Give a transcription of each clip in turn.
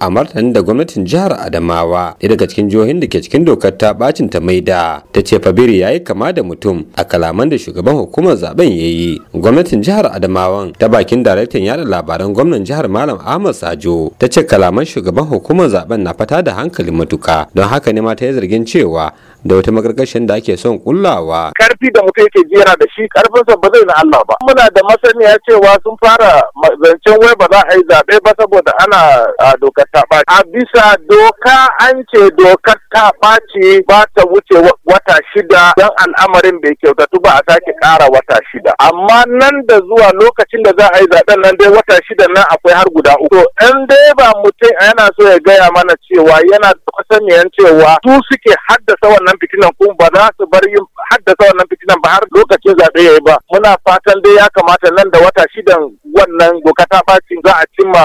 a martanin da gwamnatin jihar adamawa ɗaya daga cikin jihohin da ke cikin dokar ta bacin ta maida ta ce fabiru ya yi kama da mutum a kalaman da shugaban hukumar zaben ya yi gwamnatin jihar Adamawa ta bakin daraktan yada labaran gwamnan jihar malam ahmad sajo ta ce kalaman shugaban hukumar zaben na fata da hankali matuka don haka ne ma ta yi zargin cewa da wata magargashin da ake son kullawa. Karfi da mutum yake jera da shi karfinsa ba zai na Allah ba. Muna da masaniya cewa sun fara zancen wai ba za a yi zaɓe ba saboda ana dokar ta A bisa doka an ce dokar ta ɓaci ba ta wuce wata shida don al'amarin bai kyautatu ba a sake ƙara wata shida. Amma nan da zuwa lokacin da za a yi zaɓen nan dai wata shida nan akwai har guda uku. in dai ba mutum yana so ya gaya mana cewa yana da saniyan cewa su suke haddasa wannan fitinan kuma ba za su bar yin haddasa wannan fitinan ba har lokacin zaɓe ya yi ba. Muna fatan dai ya kamata nan da wata shidan wannan doka ta bacin za a cimma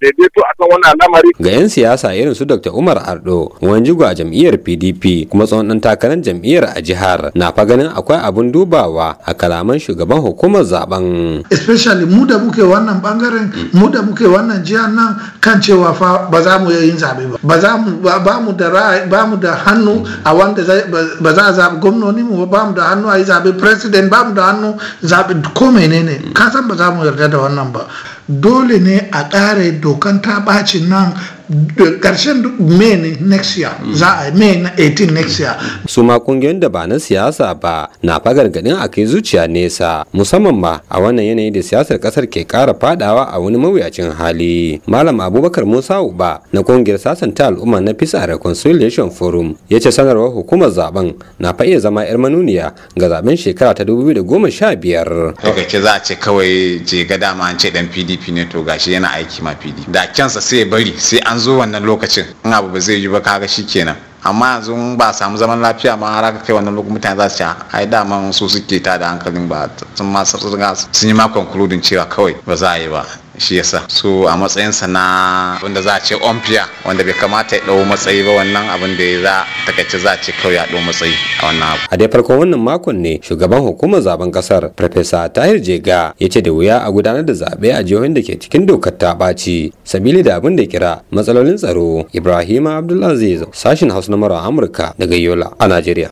daidaito a kan wannan lamari. Ga 'yan siyasa irin su Dr. Umar Ardo, wani jigo a jam'iyyar PDP kuma tsawon ɗan takarar jam'iyyar a jihar na fa ganin akwai abun dubawa a kalaman shugaban hukumar zaben. Especially mu da muke wannan bangaren mu da muke wannan jihar nan kan cewa fa ba za mu yin zabe ba. Ba za mu ba mu da ba mu da hannu a wanda ba za a zaɓi gwamnoni mu ba mu da hannu a yi zaɓe president ba mu da hannu zaɓe ko menene ka san ba za mu yarda da wannan ba dole ne a ƙare dokan ta ɓacin nan ƙarshen may next year mm. za a may na 18 next year mm. su ma kungiyoyin da ba na siyasa ba na fagargadin a kai zuciya nesa musamman ma a wannan yanayi da siyasar ƙasar ke ƙara fadawa a wani mawuyacin hali malam abubakar musa uba na kungiyar sasanta al'umma na peace and reconciliation forum ya ce sanarwar hukumar zaben na fa iya zama yar manuniya ga zaben shekara ta 2015 daga ce za a ce kawai je ga dama an ce dan pdp pdp ne to gashi yana aiki ma pdp da kyansa sai ya bari sai an zo wannan lokacin in abu ba zai yi ba kaga kenan amma yanzu ba a samu zaman lafiya ma har aka kai wannan lokacin mutane za su ci ai dama su suke ta da hankalin ba sun ma sun yi ma concluding cewa kawai ba za a yi ba shi yasa so a matsayinsa na wanda za a ce ompia wanda bai kamata ya ɗau matsayi ba wannan abin da ya za takaice za a ce kawai ya ɗau matsayi a wannan abu a dai farkon wannan makon ne shugaban hukumar zaben kasar farfesa tahir jega ya ce da wuya a gudanar da zaɓe a jihohin da ke cikin dokar ta ɓaci sabili da abin da kira matsalolin tsaro ibrahima abdulaziz sashin hausa na amurka daga yola a najeriya